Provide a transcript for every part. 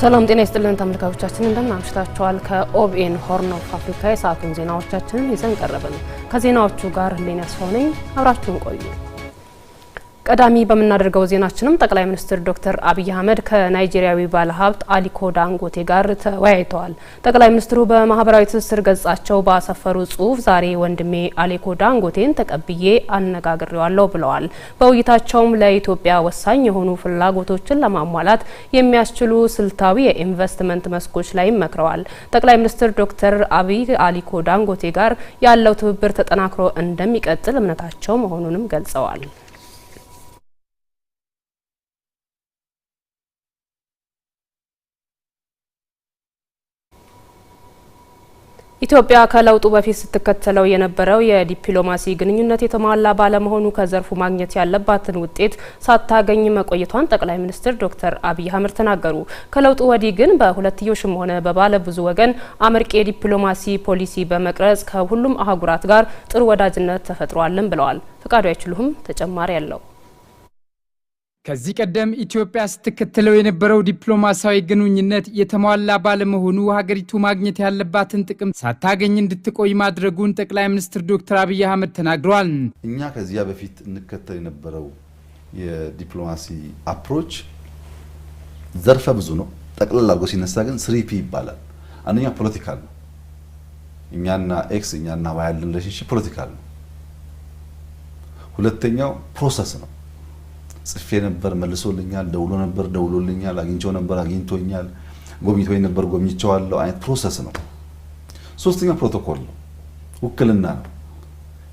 ሰላም ጤና ይስጥልን ተመልካቾቻችን፣ እንደምን አምሽታችኋል። ከኦቢኤን ሆርን ኦፍ አፍሪካ የሰዓቱን ዜናዎቻችንን ይዘን ቀረብን። ከዜናዎቹ ጋር ሌን ያስፋው ነኝ። አብራችሁን ቆዩ። ቀዳሚ በምናደርገው ዜናችንም ጠቅላይ ሚኒስትር ዶክተር አብይ አህመድ ከናይጄሪያዊ ባለሀብት አሊኮ ዳንጎቴ ጋር ተወያይተዋል። ጠቅላይ ሚኒስትሩ በማህበራዊ ትስስር ገጻቸው ባሰፈሩ ጽሁፍ ዛሬ ወንድሜ አሊኮ ዳንጎቴን ተቀብዬ አነጋግሬዋለሁ ብለዋል። በውይይታቸውም ለኢትዮጵያ ወሳኝ የሆኑ ፍላጎቶችን ለማሟላት የሚያስችሉ ስልታዊ የኢንቨስትመንት መስኮች ላይ መክረዋል። ጠቅላይ ሚኒስትር ዶክተር አብይ አሊኮ ዳንጎቴ ጋር ያለው ትብብር ተጠናክሮ እንደሚቀጥል እምነታቸው መሆኑንም ገልጸዋል። ኢትዮጵያ ከለውጡ በፊት ስትከተለው የነበረው የዲፕሎማሲ ግንኙነት የተሟላ ባለመሆኑ ከዘርፉ ማግኘት ያለባትን ውጤት ሳታገኝ መቆየቷን ጠቅላይ ሚኒስትር ዶክተር አብይ አህመድ ተናገሩ። ከለውጡ ወዲህ ግን በሁለትዮሽም ሆነ በባለ ብዙ ወገን አመርቂ የዲፕሎማሲ ፖሊሲ በመቅረጽ ከሁሉም አህጉራት ጋር ጥሩ ወዳጅነት ተፈጥሯልም ብለዋል። ፈቃዱ አይችሉም ተጨማሪ ያለው ከዚህ ቀደም ኢትዮጵያ ስትከተለው የነበረው ዲፕሎማሲያዊ ግንኙነት የተሟላ ባለመሆኑ ሀገሪቱ ማግኘት ያለባትን ጥቅም ሳታገኝ እንድትቆይ ማድረጉን ጠቅላይ ሚኒስትር ዶክተር አብይ አህመድ ተናግረዋል። እኛ ከዚያ በፊት እንከተል የነበረው የዲፕሎማሲ አፕሮች ዘርፈ ብዙ ነው። ጠቅላላ አድርጎ ሲነሳ ግን ስሪፒ ይባላል። አንደኛ ፖለቲካል ነው። እኛና ኤክስ እኛና ዋይ ያለን ሪሌሽንሽፕ ፖለቲካል ነው። ሁለተኛው ፕሮሰስ ነው። ጽፌ ነበር፣ መልሶልኛል። ደውሎ ነበር፣ ደውሎልኛል። አግኝቸው ነበር፣ አግኝቶኛል። ጎብኝቶኝ ነበር፣ ጎብኝቸዋለሁ አይነት ፕሮሰስ ነው። ሶስተኛ ፕሮቶኮል ነው፣ ውክልና ነው።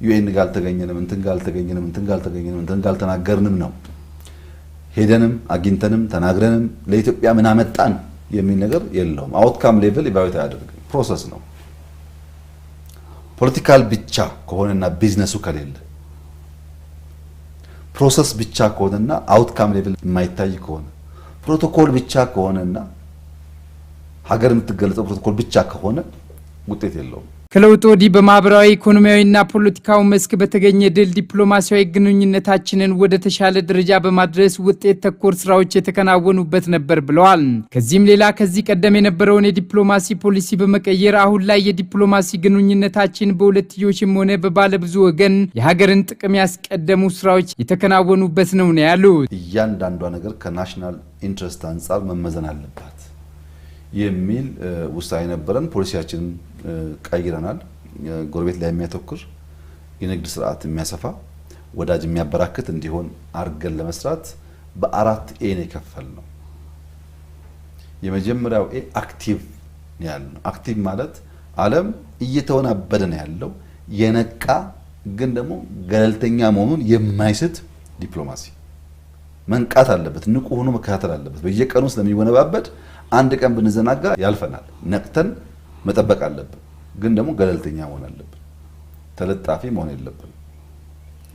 ዩኤን ጋር አልተገኘንም፣ እንትን ጋር አልተገኘንም፣ እንትን ጋር አልተገኘንም፣ እንትን ጋር አልተናገርንም ነው። ሄደንም አግኝተንም ተናግረንም ለኢትዮጵያ ምን አመጣን የሚል ነገር የለውም። አውትካም ሌቭል ኢቫሉዌት አያደርግም። ፕሮሰስ ነው። ፖለቲካል ብቻ ከሆነና ቢዝነሱ ከሌለ ፕሮሰስ ብቻ ከሆነና አውትካም ሌቭል የማይታይ ከሆነ ፕሮቶኮል ብቻ ከሆነና ሀገር የምትገለጸው ፕሮቶኮል ብቻ ከሆነ ውጤት የለውም። ከለውጥ ወዲህ በማህበራዊ ኢኮኖሚያዊና ፖለቲካዊ መስክ በተገኘ ድል ዲፕሎማሲያዊ ግንኙነታችንን ወደ ተሻለ ደረጃ በማድረስ ውጤት ተኮር ስራዎች የተከናወኑበት ነበር ብለዋል። ከዚህም ሌላ ከዚህ ቀደም የነበረውን የዲፕሎማሲ ፖሊሲ በመቀየር አሁን ላይ የዲፕሎማሲ ግንኙነታችን በሁለትዮሽም ሆነ በባለብዙ ወገን የሀገርን ጥቅም ያስቀደሙ ስራዎች የተከናወኑበት ነው ነው ያሉት። እያንዳንዷ ነገር ከናሽናል ኢንትረስት አንጻር መመዘን አለባት የሚል ውሳኔ ነበረን ፖሊሲያችንም ቀይረናል። ጎረቤት ላይ የሚያተኩር የንግድ ስርዓት የሚያሰፋ ወዳጅ የሚያበራክት እንዲሆን አድርገን ለመስራት በአራት ኤ ነው የከፈል ነው። የመጀመሪያው ኤ አክቲቭ ያለ ነው። አክቲቭ ማለት ዓለም እየተወናበደ ነው ያለው የነቃ ግን ደግሞ ገለልተኛ መሆኑን የማይስት ዲፕሎማሲ መንቃት አለበት። ንቁ ሆኖ መከታተል አለበት። በየቀኑ ስለሚወነባበድ አንድ ቀን ብንዘናጋ ያልፈናል። ነቅተን መጠበቅ አለብን። ግን ደግሞ ገለልተኛ መሆን አለብን። ተለጣፊ መሆን የለብን።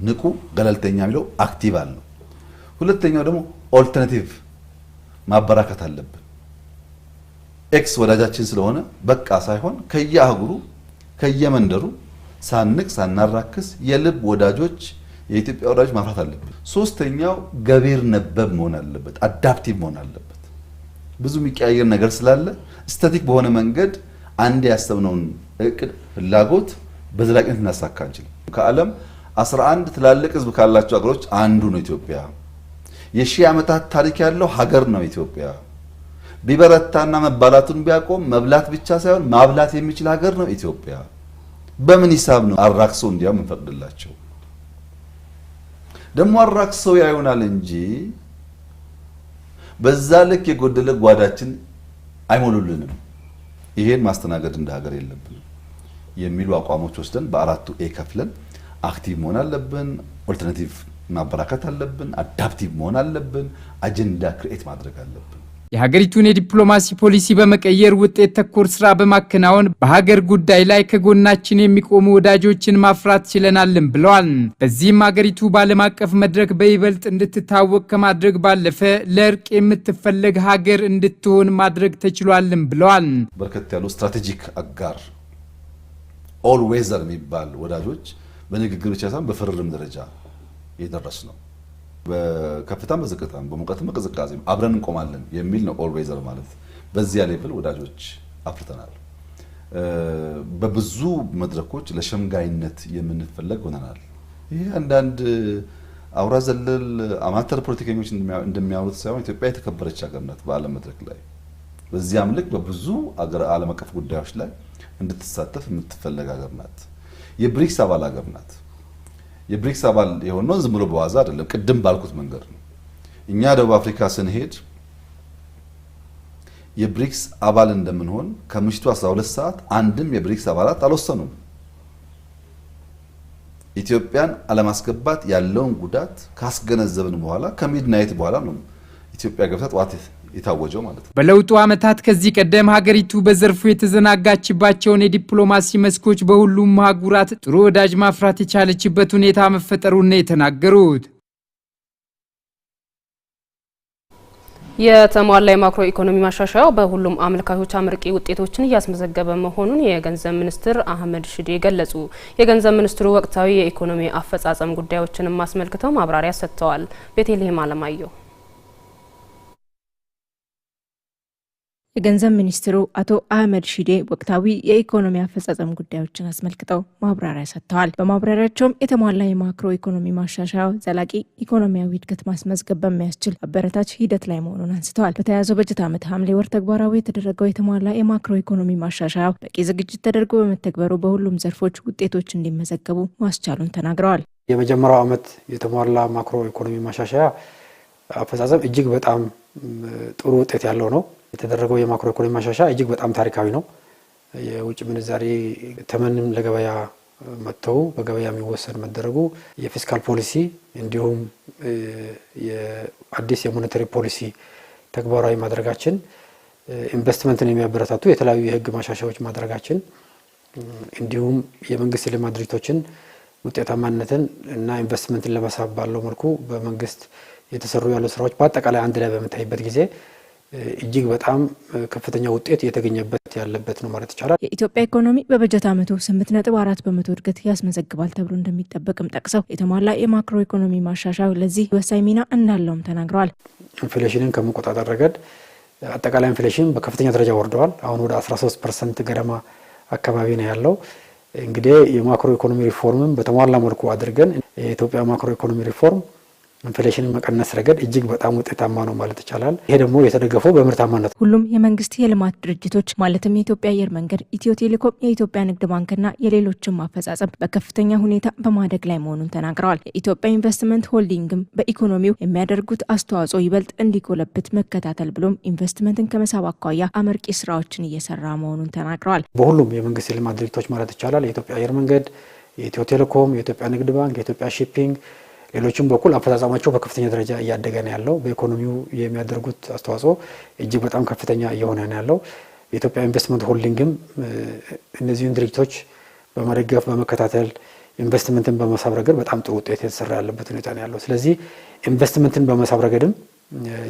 ንቁ ገለልተኛ የሚለው አክቲቭ ነው። ሁለተኛው ደግሞ ኦልተርናቲቭ ማበራከት አለብን። ኤክስ ወዳጃችን ስለሆነ በቃ ሳይሆን ከየአህጉሩ ከየመንደሩ ሳንቅ ሳናራክስ የልብ ወዳጆች የኢትዮጵያ ወዳጆች ማፍራት አለብን። ሶስተኛው ገቢር ነበብ መሆን አለበት፣ አዳፕቲቭ መሆን አለበት። ብዙ የሚቀያየር ነገር ስላለ ስታቲክ በሆነ መንገድ አንድ ያሰብነውን እቅድ ፍላጎት በዘላቂነት እናሳካ አንችልም። ከዓለም 11 ትላልቅ ህዝብ ካላቸው ሀገሮች አንዱ ነው ኢትዮጵያ። የሺህ ዓመታት ታሪክ ያለው ሀገር ነው ኢትዮጵያ። ቢበረታና መባላቱን ቢያቆም መብላት ብቻ ሳይሆን ማብላት የሚችል ሀገር ነው ኢትዮጵያ። በምን ሂሳብ ነው አራክሶ እንዲያውም እንፈቅድላቸው? ደግሞ አራክሶ ያዩናል እንጂ በዛ ልክ የጎደለ ጓዳችን አይሞሉልንም። ይሄን ማስተናገድ እንደ ሀገር የለብን የሚሉ አቋሞች ወስደን በአራቱ ኤ ከፍለን አክቲቭ መሆን አለብን። ኦልተርናቲቭ ማበራከት አለብን። አዳፕቲቭ መሆን አለብን። አጀንዳ ክርኤት ማድረግ አለብን። የሀገሪቱን የዲፕሎማሲ ፖሊሲ በመቀየር ውጤት ተኮር ስራ በማከናወን በሀገር ጉዳይ ላይ ከጎናችን የሚቆሙ ወዳጆችን ማፍራት ችለናልን ብለዋል። በዚህም ሀገሪቱ በዓለም አቀፍ መድረክ በይበልጥ እንድትታወቅ ከማድረግ ባለፈ ለእርቅ የምትፈለግ ሀገር እንድትሆን ማድረግ ተችሏልን ብለዋል። በርከት ያሉ ስትራቴጂክ አጋር ኦል ዌዘር የሚባል ወዳጆች በንግግር ብቻ ሳይሆን በፍርርም ደረጃ የደረስ ነው። በከፍታም በዝቅታም በሙቀትም በቅዝቃዜም አብረን እንቆማለን የሚል ነው። ኦልዌዘር ማለት በዚያ ሌቭል ወዳጆች አፍርተናል። በብዙ መድረኮች ለሸምጋይነት የምንፈለግ ሆነናል። ይህ አንዳንድ አውራ ዘለል አማተር ፖለቲከኞች እንደሚያወሩት ሳይሆን ኢትዮጵያ የተከበረች ሀገር ናት በዓለም መድረክ ላይ በዚያም ልክ በብዙ ዓለም አቀፍ ጉዳዮች ላይ እንድትሳተፍ የምትፈለግ ሀገር ናት። የብሪክስ አባል ሀገር ናት። የብሪክስ አባል የሆነው ዝም ብሎ በዋዛ አይደለም። ቅድም ባልኩት መንገድ ነው። እኛ ደቡብ አፍሪካ ስንሄድ የብሪክስ አባል እንደምንሆን ከምሽቱ 12 ሰዓት አንድም የብሪክስ አባላት አልወሰኑም። ኢትዮጵያን አለማስገባት ያለውን ጉዳት ካስገነዘብን በኋላ ከሚድናይት በኋላ ነው ኢትዮጵያ ገብታ ጠዋት የታወጀው ማለት ነው። በለውጡ ዓመታት ከዚህ ቀደም ሀገሪቱ በዘርፉ የተዘናጋችባቸውን የዲፕሎማሲ መስኮች በሁሉም አህጉራት ጥሩ ወዳጅ ማፍራት የቻለችበት ሁኔታ መፈጠሩን ነው የተናገሩት። የተሟላ የማክሮ ኢኮኖሚ ማሻሻያው በሁሉም አመልካቾች አመርቂ ውጤቶችን እያስመዘገበ መሆኑን የገንዘብ ሚኒስትር አህመድ ሽዴ ገለጹ። የገንዘብ ሚኒስትሩ ወቅታዊ የኢኮኖሚ አፈጻጸም ጉዳዮችንም አስመልክተው ማብራሪያ ሰጥተዋል። ቤቴልሄም አለማየሁ የገንዘብ ሚኒስትሩ አቶ አህመድ ሺዴ ወቅታዊ የኢኮኖሚ አፈጻጸም ጉዳዮችን አስመልክተው ማብራሪያ ሰጥተዋል። በማብራሪያቸውም የተሟላ የማክሮ ኢኮኖሚ ማሻሻያ ዘላቂ ኢኮኖሚያዊ እድገት ማስመዝገብ በሚያስችል አበረታች ሂደት ላይ መሆኑን አንስተዋል። በተያዘው በጀት ዓመት ሐምሌ ወር ተግባራዊ የተደረገው የተሟላ የማክሮ ኢኮኖሚ ማሻሻያ በቂ ዝግጅት ተደርጎ በመተግበሩ በሁሉም ዘርፎች ውጤቶች እንዲመዘገቡ ማስቻሉን ተናግረዋል። የመጀመሪያው ዓመት የተሟላ ማክሮ ኢኮኖሚ ማሻሻያ አፈጻጸም እጅግ በጣም ጥሩ ውጤት ያለው ነው። የተደረገው የማክሮ ኢኮኖሚ ማሻሻያ እጅግ በጣም ታሪካዊ ነው። የውጭ ምንዛሬ ተመንም ለገበያ መጥተው በገበያ የሚወሰን መደረጉ የፊስካል ፖሊሲ እንዲሁም አዲስ የሞኔታሪ ፖሊሲ ተግባራዊ ማድረጋችን፣ ኢንቨስትመንትን የሚያበረታቱ የተለያዩ የሕግ ማሻሻዎች ማድረጋችን እንዲሁም የመንግስት ልማት ድርጅቶችን ውጤታማነትን እና ኢንቨስትመንትን ለመሳብ ባለው መልኩ በመንግስት የተሰሩ ያሉ ስራዎች በአጠቃላይ አንድ ላይ በምታይበት ጊዜ እጅግ በጣም ከፍተኛ ውጤት እየተገኘበት ያለበት ነው ማለት ይቻላል። የኢትዮጵያ ኢኮኖሚ በበጀት ዓመቱ ስምንት ነጥብ አራት በመቶ እድገት ያስመዘግባል ተብሎ እንደሚጠበቅም ጠቅሰው የተሟላ የማክሮ ኢኮኖሚ ማሻሻያው ለዚህ ወሳኝ ሚና እንዳለውም ተናግረዋል። ኢንፍሌሽንን ከመቆጣጠር ረገድ አጠቃላይ ኢንፍሌሽን በከፍተኛ ደረጃ ወርደዋል። አሁን ወደ 13 ፐርሰንት ገደማ አካባቢ ነው ያለው። እንግዲህ የማክሮ ኢኮኖሚ ሪፎርምም በተሟላ መልኩ አድርገን የኢትዮጵያ ማክሮ ኢኮኖሚ ሪፎርም ኢንፍሌሽን መቀነስ ረገድ እጅግ በጣም ውጤታማ ነው ማለት ይቻላል። ይሄ ደግሞ የተደገፈው በምርታማነት ሁሉም የመንግስት የልማት ድርጅቶች ማለትም የኢትዮጵያ አየር መንገድ፣ ኢትዮ ቴሌኮም፣ የኢትዮጵያ ንግድ ባንክና የሌሎችም አፈጻጸም በከፍተኛ ሁኔታ በማደግ ላይ መሆኑን ተናግረዋል። የኢትዮጵያ ኢንቨስትመንት ሆልዲንግም በኢኮኖሚው የሚያደርጉት አስተዋጽኦ ይበልጥ እንዲጎለብት መከታተል ብሎም ኢንቨስትመንትን ከመሳብ አኳያ አመርቂ ስራዎችን እየሰራ መሆኑን ተናግረዋል። በሁሉም የመንግስት የልማት ድርጅቶች ማለት ይቻላል የኢትዮጵያ አየር መንገድ፣ የኢትዮ ቴሌኮም፣ የኢትዮጵያ ንግድ ባንክ፣ የኢትዮጵያ ሺፒንግ ሌሎችም በኩል አፈጻጸማቸው በከፍተኛ ደረጃ እያደገ ነው ያለው። በኢኮኖሚው የሚያደርጉት አስተዋጽኦ እጅግ በጣም ከፍተኛ እየሆነ ነው ያለው። የኢትዮጵያ ኢንቨስትመንት ሆልዲንግም እነዚህን ድርጅቶች በመደገፍ በመከታተል ኢንቨስትመንትን በመሳብ ረገድ በጣም ጥሩ ውጤት የተሰራ ያለበት ሁኔታ ነው ያለው። ስለዚህ ኢንቨስትመንትን በመሳብ ረገድም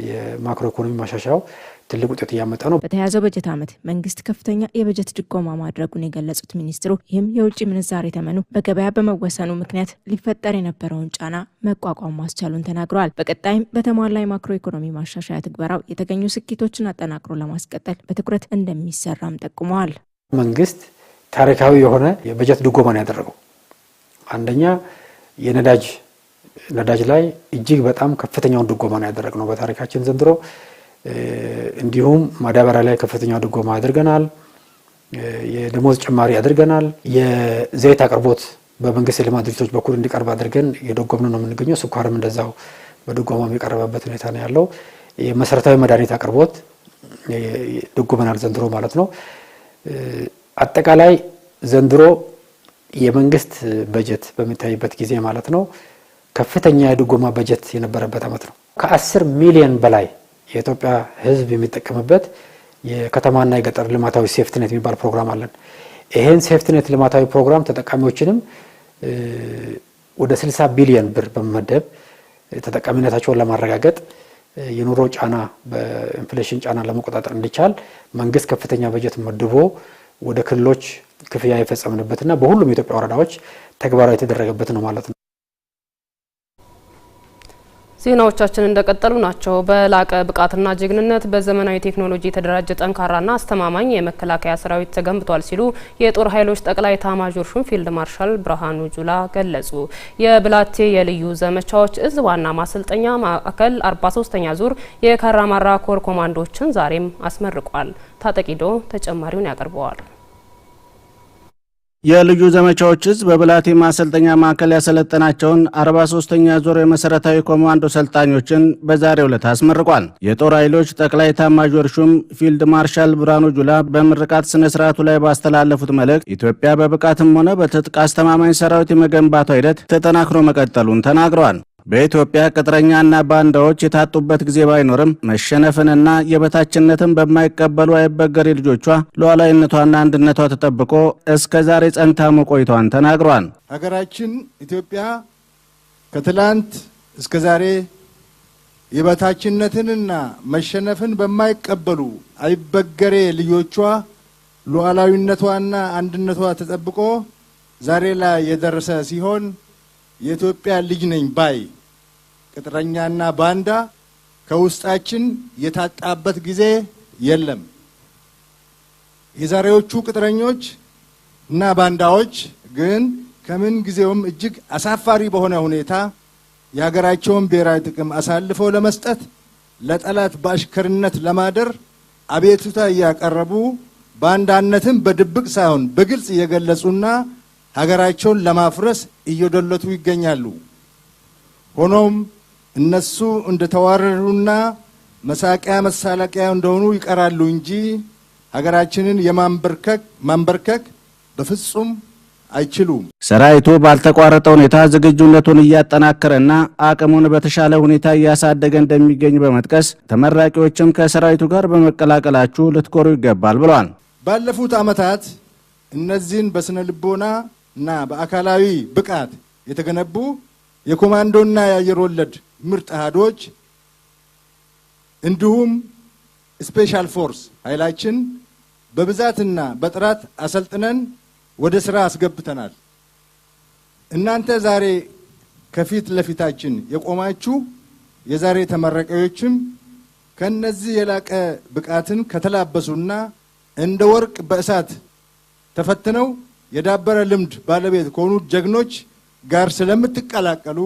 የማክሮ ኢኮኖሚ ማሻሻው ትልቅ ውጤት እያመጣ ነው። በተያያዘው በጀት ዓመት መንግስት ከፍተኛ የበጀት ድጎማ ማድረጉን የገለጹት ሚኒስትሩ ይህም የውጭ ምንዛሬ ተመኑ በገበያ በመወሰኑ ምክንያት ሊፈጠር የነበረውን ጫና መቋቋም ማስቻሉን ተናግረዋል። በቀጣይም በተሟላ የማክሮ ኢኮኖሚ ማሻሻያ ትግበራው የተገኙ ስኬቶችን አጠናክሮ ለማስቀጠል በትኩረት እንደሚሰራም ጠቁመዋል። መንግስት ታሪካዊ የሆነ የበጀት ድጎማ ነው ያደረገው። አንደኛ የነዳጅ ነዳጅ ላይ እጅግ በጣም ከፍተኛውን ድጎማ ነው ያደረግነው በታሪካችን ዘንድሮ። እንዲሁም ማዳበሪያ ላይ ከፍተኛ ድጎማ አድርገናል። የደሞዝ ጭማሪ አድርገናል። የዘይት አቅርቦት በመንግስት የልማት ድርጅቶች በኩል እንዲቀርብ አድርገን የደጎምን ነው የምንገኘው። ስኳርም እንደዛው በድጎማ የሚቀረበበት ሁኔታ ነው ያለው። የመሰረታዊ መድኃኒት አቅርቦት ድጎመናል ዘንድሮ ማለት ነው። አጠቃላይ ዘንድሮ የመንግስት በጀት በሚታይበት ጊዜ ማለት ነው ከፍተኛ የድጎማ በጀት የነበረበት አመት ነው። ከአስር ሚሊዮን በላይ የኢትዮጵያ ህዝብ የሚጠቀምበት የከተማና የገጠር ልማታዊ ሴፍትኔት የሚባል ፕሮግራም አለን። ይሄን ሴፍትኔት ልማታዊ ፕሮግራም ተጠቃሚዎችንም ወደ 60 ቢሊዮን ብር በመመደብ ተጠቃሚነታቸውን ለማረጋገጥ የኑሮ ጫና በኢንፍሌሽን ጫና ለመቆጣጠር እንዲቻል መንግስት ከፍተኛ በጀት መድቦ ወደ ክልሎች ክፍያ የፈጸምንበትና በሁሉም የኢትዮጵያ ወረዳዎች ተግባራዊ የተደረገበት ነው ማለት ነው። ዜናዎቻችን እንደቀጠሉ ናቸው። በላቀ ብቃትና ጀግንነት በዘመናዊ ቴክኖሎጂ የተደራጀ ጠንካራና አስተማማኝ የመከላከያ ሰራዊት ተገንብቷል ሲሉ የጦር ኃይሎች ጠቅላይ ኤታማዦር ሹም ፊልድ ማርሻል ብርሃኑ ጁላ ገለጹ። የብላቴ የልዩ ዘመቻዎች እዝ ዋና ማሰልጠኛ ማዕከል 43ኛ ዙር የካራማራ ኮር ኮማንዶዎችን ዛሬም አስመርቋል። ታጠቂዶ ተጨማሪውን ያቀርበዋል። የልዩ ዘመቻዎች እዝ በብላቴ ማሰልጠኛ ማዕከል ያሰለጠናቸውን 43ኛ ዙር የመሠረታዊ ኮማንዶ ሰልጣኞችን በዛሬው ዕለት አስመርቋል። የጦር ኃይሎች ጠቅላይ ኤታማዦር ሹም ፊልድ ማርሻል ብርሃኑ ጁላ በምርቃት ስነ ስርዓቱ ላይ ባስተላለፉት መልእክት ኢትዮጵያ በብቃትም ሆነ በትጥቅ አስተማማኝ ሰራዊት የመገንባቷ ሂደት ተጠናክሮ መቀጠሉን ተናግረዋል። በኢትዮጵያ ቅጥረኛና ባንዳዎች የታጡበት ጊዜ ባይኖርም መሸነፍንና የበታችነትን በማይቀበሉ አይበገሪ ልጆቿ ሉዓላዊነቷና አንድነቷ ተጠብቆ እስከ ዛሬ ጸንታ መቆይቷን ተናግሯል። ሀገራችን ኢትዮጵያ ከትላንት እስከ ዛሬ የበታችነትንና መሸነፍን በማይቀበሉ አይበገሬ ልጆቿ ሉዓላዊነቷና አንድነቷ ተጠብቆ ዛሬ ላይ የደረሰ ሲሆን የኢትዮጵያ ልጅ ነኝ ባይ ቅጥረኛና ባንዳ ከውስጣችን የታጣበት ጊዜ የለም። የዛሬዎቹ ቅጥረኞች እና ባንዳዎች ግን ከምን ጊዜውም እጅግ አሳፋሪ በሆነ ሁኔታ የሀገራቸውን ብሔራዊ ጥቅም አሳልፈው ለመስጠት ለጠላት በአሽከርነት ለማደር አቤቱታ እያቀረቡ ባንዳነትን በድብቅ ሳይሆን በግልጽ እየገለጹና ሀገራቸውን ለማፍረስ እየዶለቱ ይገኛሉ። ሆኖም እነሱ እንደተዋረዱና መሳቂያ መሳለቂያ እንደሆኑ ይቀራሉ እንጂ ሀገራችንን የማንበርከክ ማንበርከክ በፍጹም አይችሉም። ሰራዊቱ ባልተቋረጠ ሁኔታ ዝግጁነቱን እያጠናከረና አቅሙን በተሻለ ሁኔታ እያሳደገ እንደሚገኝ በመጥቀስ ተመራቂዎችም ከሰራዊቱ ጋር በመቀላቀላችሁ ልትኮሩ ይገባል ብለዋል። ባለፉት ዓመታት እነዚህን በስነ ልቦና እና በአካላዊ ብቃት የተገነቡ የኮማንዶና የአየር ወለድ ምርጥ አሃዶች እንዲሁም ስፔሻል ፎርስ ኃይላችን በብዛትና በጥራት አሰልጥነን ወደ ስራ አስገብተናል። እናንተ ዛሬ ከፊት ለፊታችን የቆማችሁ የዛሬ ተመራቂዎችም ከነዚህ የላቀ ብቃትን ከተላበሱና እንደ ወርቅ በእሳት ተፈትነው የዳበረ ልምድ ባለቤት ከሆኑ ጀግኖች ጋር ስለምትቀላቀሉ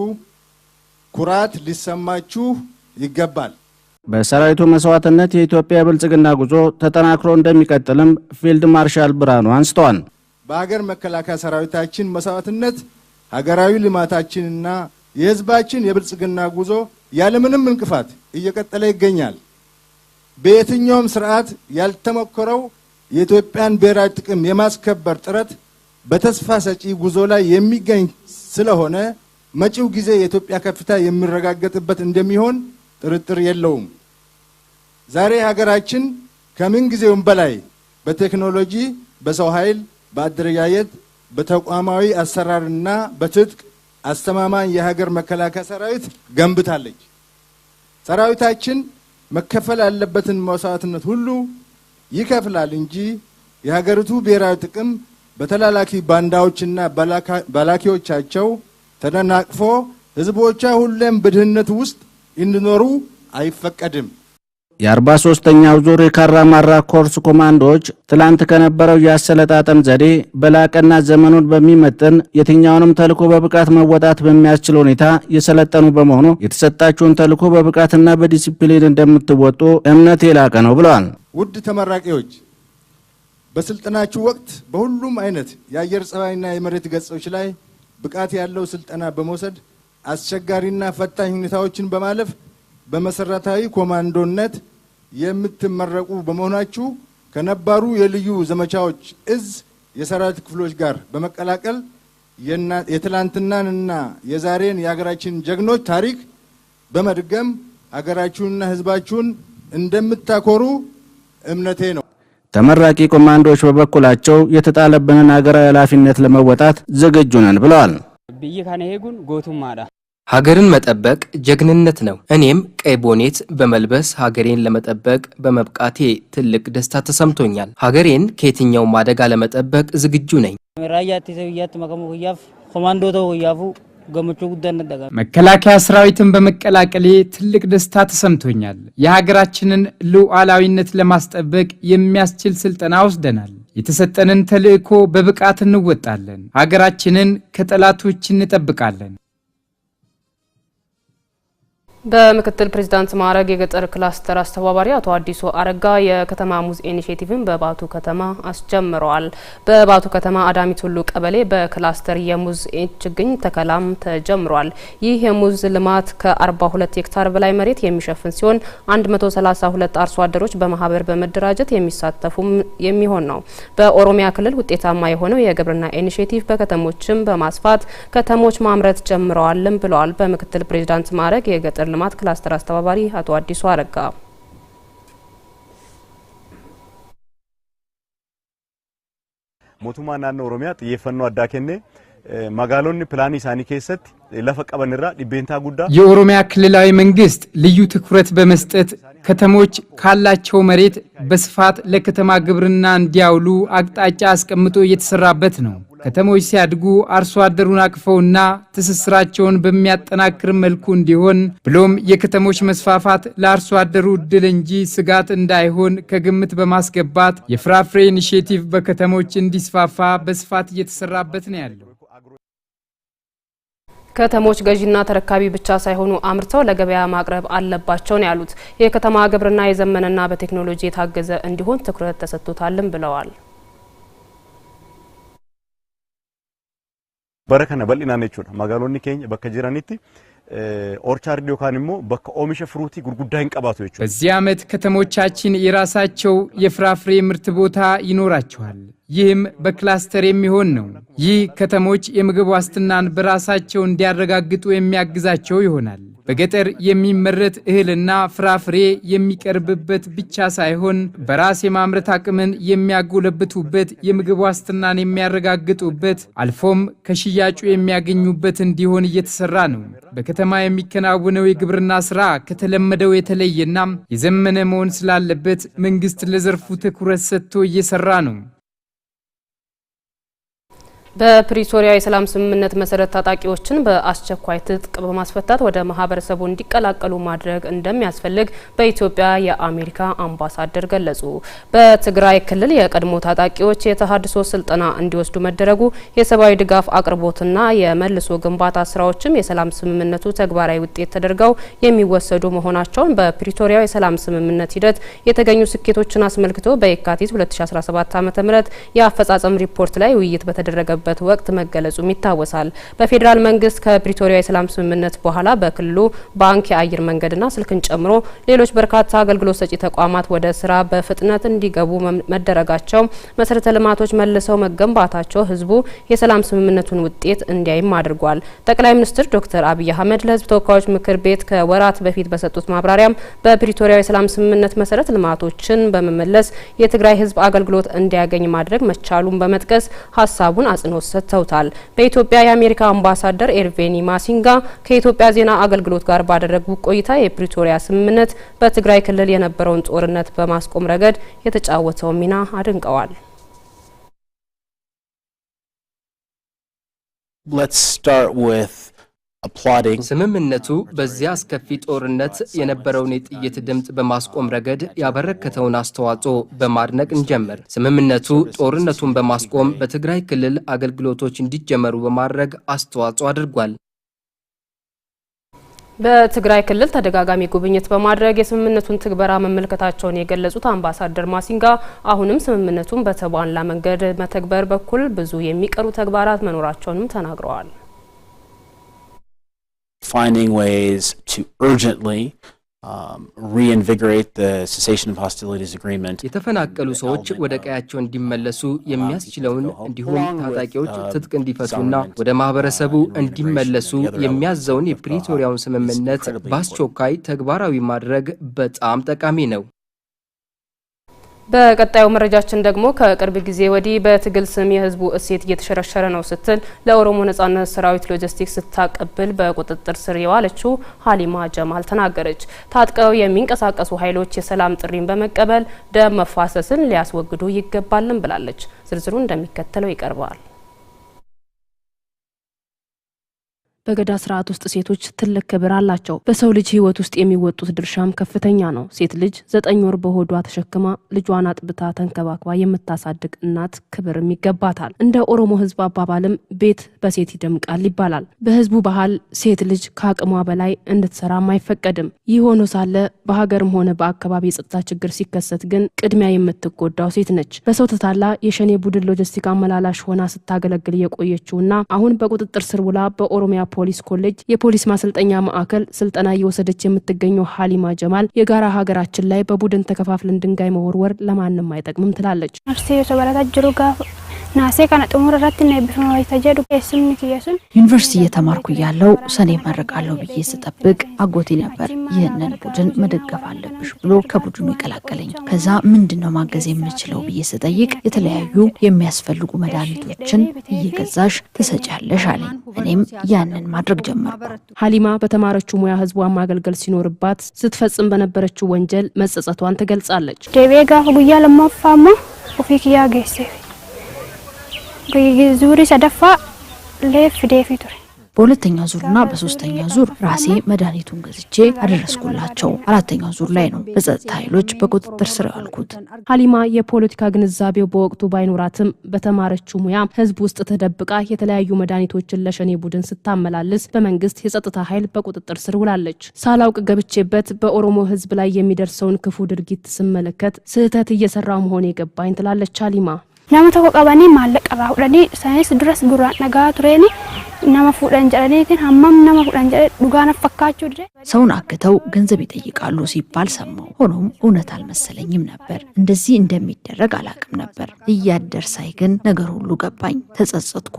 ኩራት ሊሰማችሁ ይገባል። በሰራዊቱ መስዋዕትነት የኢትዮጵያ የብልጽግና ጉዞ ተጠናክሮ እንደሚቀጥልም ፊልድ ማርሻል ብርሃኑ አንስተዋል። በሀገር መከላከያ ሰራዊታችን መስዋዕትነት ሀገራዊ ልማታችንና የሕዝባችን የብልጽግና ጉዞ ያለምንም እንቅፋት እየቀጠለ ይገኛል። በየትኛውም ስርዓት ያልተሞከረው የኢትዮጵያን ብሔራዊ ጥቅም የማስከበር ጥረት በተስፋ ሰጪ ጉዞ ላይ የሚገኝ ስለሆነ መጪው ጊዜ የኢትዮጵያ ከፍታ የሚረጋገጥበት እንደሚሆን ጥርጥር የለውም። ዛሬ ሀገራችን ከምን ጊዜውም በላይ በቴክኖሎጂ፣ በሰው ኃይል፣ በአደረጃጀት፣ በተቋማዊ አሰራርና በትጥቅ አስተማማኝ የሀገር መከላከያ ሰራዊት ገንብታለች። ሰራዊታችን መከፈል ያለበትን መስዋዕትነት ሁሉ ይከፍላል እንጂ የሀገሪቱ ብሔራዊ ጥቅም በተላላኪ ባንዳዎችና በላኪዎቻቸው ተደናቅፎ ህዝቦቿ ሁሌም በድህነት ውስጥ እንዲኖሩ አይፈቀድም። የአርባ ሶስተኛው ዙር ማራ ኮርስ ኮማንዶዎች ትላንት ከነበረው የአሰለጣጠን ዘዴ በላቀና ዘመኑን በሚመጥን የትኛውንም ተልኮ በብቃት መወጣት በሚያስችል ሁኔታ የሰለጠኑ በመሆኑ የተሰጣችሁን ተልኮ በብቃትና በዲሲፕሊን እንደምትወጡ እምነት የላቀ ነው ብለዋል። ውድ ተመራቂዎች በስልጠናችሁ ወቅት በሁሉም አይነት የአየር ጸባይና የመሬት ገጾች ላይ ብቃት ያለው ስልጠና በመውሰድ አስቸጋሪና ፈታኝ ሁኔታዎችን በማለፍ በመሰረታዊ ኮማንዶነት የምትመረቁ በመሆናችሁ ከነባሩ የልዩ ዘመቻዎች እዝ የሰራዊት ክፍሎች ጋር በመቀላቀል የትላንትናንና የዛሬን የሀገራችን ጀግኖች ታሪክ በመድገም ሀገራችሁንና ሕዝባችሁን እንደምታኮሩ እምነቴ ነው። ተመራቂ ኮማንዶዎች በበኩላቸው የተጣለብንን ሀገራዊ ኃላፊነት ለመወጣት ዝግጁ ነን ብለዋል። ብይ ሄጉን ጎቱም ሀገርን መጠበቅ ጀግንነት ነው። እኔም ቀይ ቦኔት በመልበስ ሀገሬን ለመጠበቅ በመብቃቴ ትልቅ ደስታ ተሰምቶኛል። ሀገሬን ከየትኛውም አደጋ ለመጠበቅ ዝግጁ ነኝ። ራያ ቴሰብያት መቀሙ ያፍ ኮማንዶ ተው ኩያፉ መከላከያ ሰራዊትን በመቀላቀሌ ትልቅ ደስታ ተሰምቶኛል። የሀገራችንን ሉዓላዊነት ለማስጠበቅ የሚያስችል ስልጠና ወስደናል። የተሰጠንን ተልዕኮ በብቃት እንወጣለን። ሀገራችንን ከጠላቶች እንጠብቃለን። በምክትል ፕሬዚዳንት ማዕረግ የገጠር ክላስተር አስተባባሪ አቶ አዲሱ አረጋ የከተማ ሙዝ ኢኒሽቲቭን በባቱ ከተማ አስጀምረዋል። በባቱ ከተማ አዳሚ ቱሉ ቀበሌ በክላስተር የሙዝ ችግኝ ተከላም ተጀምሯል። ይህ የሙዝ ልማት ከ42 ሄክታር በላይ መሬት የሚሸፍን ሲሆን 132 አርሶ አደሮች በማህበር በመደራጀት የሚሳተፉም የሚሆን ነው። በኦሮሚያ ክልል ውጤታማ የሆነው የግብርና ኢኒሽቲቭ በከተሞችም በማስፋት ከተሞች ማምረት ጀምረዋልም ብለዋል። በምክትል ፕሬዚዳንት ማዕረግ የገጠር ልማት ክላስተር አስተባባሪ አቶ አዲሱ አረጋ ሞቱማ ናኖ ኦሮሚያ ጥየፈኖ አዳኬኔ መጋሎኒ ፕላኒ ኢሳኒ ኬሰት ለፈቀበንራ ዲቤንታ ጉዳ የኦሮሚያ ክልላዊ መንግስት ልዩ ትኩረት በመስጠት ከተሞች ካላቸው መሬት በስፋት ለከተማ ግብርና እንዲያውሉ አቅጣጫ አስቀምጦ እየተሰራበት ነው። ከተሞች ሲያድጉ አርሶ አደሩን አቅፈውና ትስስራቸውን በሚያጠናክር መልኩ እንዲሆን ብሎም የከተሞች መስፋፋት ለአርሶ አደሩ እድል እንጂ ስጋት እንዳይሆን ከግምት በማስገባት የፍራፍሬ ኢኒሽቲቭ በከተሞች እንዲስፋፋ በስፋት እየተሰራበት ነው ያለው። ከተሞች ገዢና ተረካቢ ብቻ ሳይሆኑ አምርተው ለገበያ ማቅረብ አለባቸው ነው ያሉት። የከተማ ግብርና የዘመነና በቴክኖሎጂ የታገዘ እንዲሆን ትኩረት ተሰጥቶታልም ብለዋል። በረከነ በልኢናን ቹ ማጋሎኒ ኬኝ በከጅራኒቲ ኦርቻርድ ዮካን ሞ በከ ኦሚሸ ፍሩቲ ጉርጉዳይን ቀባቱ ይቹ በዚህ ዓመት ከተሞቻችን የራሳቸው የፍራፍሬ ምርት ቦታ ይኖራቸዋል። ይህም በክላስተር የሚሆን ነው። ይህ ከተሞች የምግብ ዋስትናን በራሳቸው እንዲያረጋግጡ የሚያግዛቸው ይሆናል። በገጠር የሚመረት እህልና ፍራፍሬ የሚቀርብበት ብቻ ሳይሆን በራስ የማምረት አቅምን የሚያጎለብቱበት፣ የምግብ ዋስትናን የሚያረጋግጡበት አልፎም ከሽያጩ የሚያገኙበት እንዲሆን እየተሰራ ነው። በከተማ የሚከናወነው የግብርና ስራ ከተለመደው የተለየና የዘመነ መሆን ስላለበት መንግስት ለዘርፉ ትኩረት ሰጥቶ እየሰራ ነው። በፕሪቶሪያ የሰላም ስምምነት መሰረት ታጣቂዎችን በአስቸኳይ ትጥቅ በማስፈታት ወደ ማህበረሰቡ እንዲቀላቀሉ ማድረግ እንደሚያስፈልግ በኢትዮጵያ የአሜሪካ አምባሳደር ገለጹ። በትግራይ ክልል የቀድሞ ታጣቂዎች የተሃድሶ ስልጠና እንዲወስዱ መደረጉ፣ የሰብአዊ ድጋፍ አቅርቦትና የመልሶ ግንባታ ስራዎችም የሰላም ስምምነቱ ተግባራዊ ውጤት ተደርገው የሚወሰዱ መሆናቸውን በፕሪቶሪያው የሰላም ስምምነት ሂደት የተገኙ ስኬቶችን አስመልክቶ በየካቲት 2017 ዓ.ም የአፈጻጸም ሪፖርት ላይ ውይይት በተደረገ በነበረበት ወቅት መገለጹም ይታወሳል። በፌዴራል መንግስት ከፕሪቶሪያ የሰላም ስምምነት በኋላ በክልሉ ባንክ፣ የአየር መንገድና ስልክን ጨምሮ ሌሎች በርካታ አገልግሎት ሰጪ ተቋማት ወደ ስራ በፍጥነት እንዲገቡ መደረጋቸው መሰረተ ልማቶች መልሰው መገንባታቸው ህዝቡ የሰላም ስምምነቱን ውጤት እንዲያይም አድርጓል። ጠቅላይ ሚኒስትር ዶክተር አብይ አህመድ ለህዝብ ተወካዮች ምክር ቤት ከወራት በፊት በሰጡት ማብራሪያም በፕሪቶሪያ የሰላም ስምምነት መሰረት ልማቶችን በመመለስ የትግራይ ህዝብ አገልግሎት እንዲያገኝ ማድረግ መቻሉን በመጥቀስ ሀሳቡን አጽንኦት አጽንኦት ሰጥተውታል። በኢትዮጵያ የአሜሪካ አምባሳደር ኤርቬኒ ማሲንጋ ከኢትዮጵያ ዜና አገልግሎት ጋር ባደረጉ ቆይታ የፕሪቶሪያ ስምምነት በትግራይ ክልል የነበረውን ጦርነት በማስቆም ረገድ የተጫወተው ሚና አድንቀዋል። Let's start with ስምምነቱ በዚያ አስከፊ ጦርነት የነበረውን የጥይት ድምፅ በማስቆም ረገድ ያበረከተውን አስተዋጽኦ በማድነቅ እንጀምር። ስምምነቱ ጦርነቱን በማስቆም በትግራይ ክልል አገልግሎቶች እንዲጀመሩ በማድረግ አስተዋጽኦ አድርጓል። በትግራይ ክልል ተደጋጋሚ ጉብኝት በማድረግ የስምምነቱን ትግበራ መመልከታቸውን የገለጹት አምባሳደር ማሲንጋ አሁንም ስምምነቱን በተሟላ መንገድ መተግበር በኩል ብዙ የሚቀሩ ተግባራት መኖራቸውንም ተናግረዋል። finding ways to urgently um, የተፈናቀሉ ሰዎች ወደ ቀያቸው እንዲመለሱ የሚያስችለውን እንዲሁም ታጣቂዎች ትጥቅ እንዲፈቱና ወደ ማህበረሰቡ እንዲመለሱ የሚያዘውን የፕሪቶሪያውን ስምምነት በአስቸኳይ ተግባራዊ ማድረግ በጣም ጠቃሚ ነው። በቀጣዩ መረጃችን ደግሞ ከቅርብ ጊዜ ወዲህ በትግል ስም የህዝቡ እሴት እየተሸረሸረ ነው ስትል ለኦሮሞ ነጻነት ሰራዊት ሎጂስቲክስ ስታቀብል በቁጥጥር ስር የዋለችው ሀሊማ ጀማል ተናገረች። ታጥቀው የሚንቀሳቀሱ ኃይሎች የሰላም ጥሪን በመቀበል ደም መፋሰስን ሊያስወግዱ ይገባልን ብላለች። ዝርዝሩ እንደሚከተለው ይቀርበዋል። በገዳ ስርዓት ውስጥ ሴቶች ትልቅ ክብር አላቸው። በሰው ልጅ ህይወት ውስጥ የሚወጡት ድርሻም ከፍተኛ ነው። ሴት ልጅ ዘጠኝ ወር በሆዷ ተሸክማ ልጇን አጥብታ ተንከባክባ የምታሳድግ እናት ክብርም ይገባታል። እንደ ኦሮሞ ህዝብ አባባልም ቤት በሴት ይደምቃል ይባላል። በህዝቡ ባህል ሴት ልጅ ከአቅሟ በላይ እንድትሰራም አይፈቀድም። ይህ ሆኖ ሳለ በሀገርም ሆነ በአካባቢ የጸጥታ ችግር ሲከሰት ግን ቅድሚያ የምትጎዳው ሴት ነች። በሰው ተታላ የሸኔ ቡድን ሎጂስቲክ አመላላሽ ሆና ስታገለግል የቆየችውና አሁን በቁጥጥር ስር ውላ በኦሮሚያ ፖሊስ ኮሌጅ የፖሊስ ማሰልጠኛ ማዕከል ስልጠና እየወሰደች የምትገኘው ሀሊማ ጀማል የጋራ ሀገራችን ላይ በቡድን ተከፋፍለን ድንጋይ መወርወር ለማንም አይጠቅምም ትላለች። ናሴ ከነ ጥሙር ረት ዩኒቨርሲቲ እየተማርኩ እያለው ሰኔ መረቃለሁ ብዬ ስጠብቅ አጎቴ ነበር ይህንን ቡድን መደገፍ አለብሽ ብሎ ከቡድኑ ይቀላቀለኝ። ከዛ ምንድን ነው ማገዝ የምችለው ብዬ ስጠይቅ የተለያዩ የሚያስፈልጉ መድኃኒቶችን እየገዛሽ ትሰጫለሽ አለኝ። እኔም ያንን ማድረግ ጀመርኩ። ሀሊማ በተማረችው ሙያ ህዝቧን ማገልገል ሲኖርባት ስትፈጽም በነበረችው ወንጀል መጸጸቷን ትገልጻለች። ደቤጋ ጉያ ለማፋማ ኦፊክያ ዙሪ ሰደፋ ሌፍ ደፊ ቱሬ በሁለተኛ ዙርና በሶስተኛ ዙር ራሴ መድኃኒቱን ገዝቼ አደረስኩላቸው። አራተኛ ዙር ላይ ነው በጸጥታ ኃይሎች በቁጥጥር ስር ያዋልኩት። ሀሊማ የፖለቲካ ግንዛቤው በወቅቱ ባይኖራትም በተማረችው ሙያ ሕዝብ ውስጥ ተደብቃ የተለያዩ መድኃኒቶችን ለሸኔ ቡድን ስታመላልስ በመንግስት የጸጥታ ኃይል በቁጥጥር ስር ውላለች። ሳላውቅ ገብቼበት በኦሮሞ ሕዝብ ላይ የሚደርሰውን ክፉ ድርጊት ስመለከት ስህተት እየሰራ መሆን የገባኝ ትላለች ሀሊማ። nama tokko qabanii maallaqa irraa fudhanii isanis duras guraan dhagaa tureeni nama fuudhan jedhaniitiin hammam nama fuudhan jedhe dhugaa fakkaachuu dire ሰውን አግተው ገንዘብ ይጠይቃሉ ሲባል ሰማው። ሆኖም እውነት አልመሰለኝም ነበር። እንደዚህ እንደሚደረግ አላቅም ነበር። እያደርሳይ ግን ነገር ሁሉ ገባኝ፣ ተጸጸትኩ።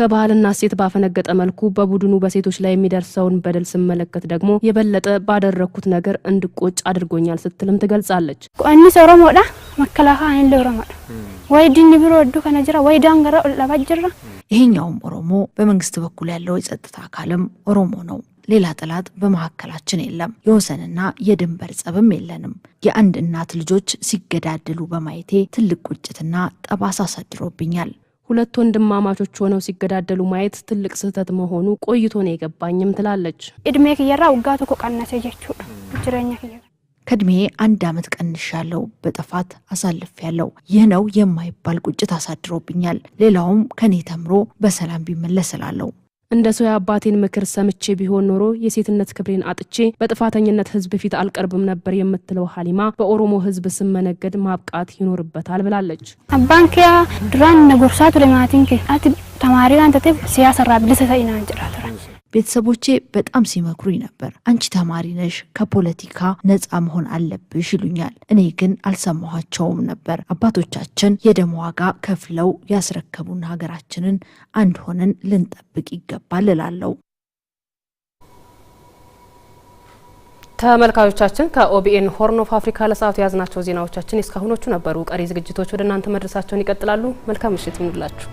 ከባህልና ሴት ባፈነገጠ መልኩ በቡድኑ በሴቶች ላይ የሚደርሰውን በደል ስመለከት ደግሞ የበለጠ ባደረግኩት ነገር እንድቆጭ አድርጎኛል ስትልም ትገልጻለች። ቆኒ ኦሮሞዳ መከላከያ ኦሮሞዳ ወይ ድን ብሮ ወዱ ከነጅራ ወይ ዳንገራ ኦላባ ጅራ። ይሄኛውም ኦሮሞ በመንግስት በኩል ያለው የጸጥታ አካልም ኦሮሞ ነው። ሌላ ጠላት በመካከላችን የለም። የወሰንና የድንበር ጸብም የለንም። የአንድ እናት ልጆች ሲገዳደሉ በማየቴ ትልቅ ቁጭትና ጠባሳ አሳድሮብኛል። ሁለት ወንድማማቾች ሆነው ሲገዳደሉ ማየት ትልቅ ስህተት መሆኑ ቆይቶ ነው የገባኝም ትላለች። እድሜ ክየራ ውጋ ተኮ ቀነሰ ጀቹ ጅረኛ ከእድሜ አንድ ዓመት ቀንሻለው፣ በጥፋት ያለው ይህ ነው የማይባል ቁጭት አሳድሮብኛል። ሌላውም ከኔ ተምሮ በሰላም ቢመለስ እላለሁ። እንደ ሰው የአባቴን ምክር ሰምቼ ቢሆን ኖሮ የሴትነት ክብሬን አጥቼ በጥፋተኝነት ሕዝብ ፊት አልቀርብም ነበር የምትለው ሀሊማ በኦሮሞ ሕዝብ ስም መነገድ ማብቃት ይኖርበታል ብላለች። አባንኪያ ድራን ነጎርሳቱ ለማቲንኬ አቲ ተማሪ አንተቴ ሲያሰራ ብልሰሰኢና ኢና ቤተሰቦቼ በጣም ሲመክሩኝ ነበር። አንቺ ተማሪ ነሽ፣ ከፖለቲካ ነፃ መሆን አለብሽ ይሉኛል። እኔ ግን አልሰማኋቸውም ነበር። አባቶቻችን የደም ዋጋ ከፍለው ያስረከቡን ሀገራችንን አንድ ሆነን ልንጠብቅ ይገባል እላለሁ። ተመልካቾቻችን ከኦቢኤን ሆርን ኦፍ አፍሪካ ለሰዓቱ የያዝናቸው ዜናዎቻችን እስካሁኖቹ ነበሩ። ቀሪ ዝግጅቶች ወደ እናንተ መድረሳቸውን ይቀጥላሉ። መልካም ምሽት ይሁንላችሁ።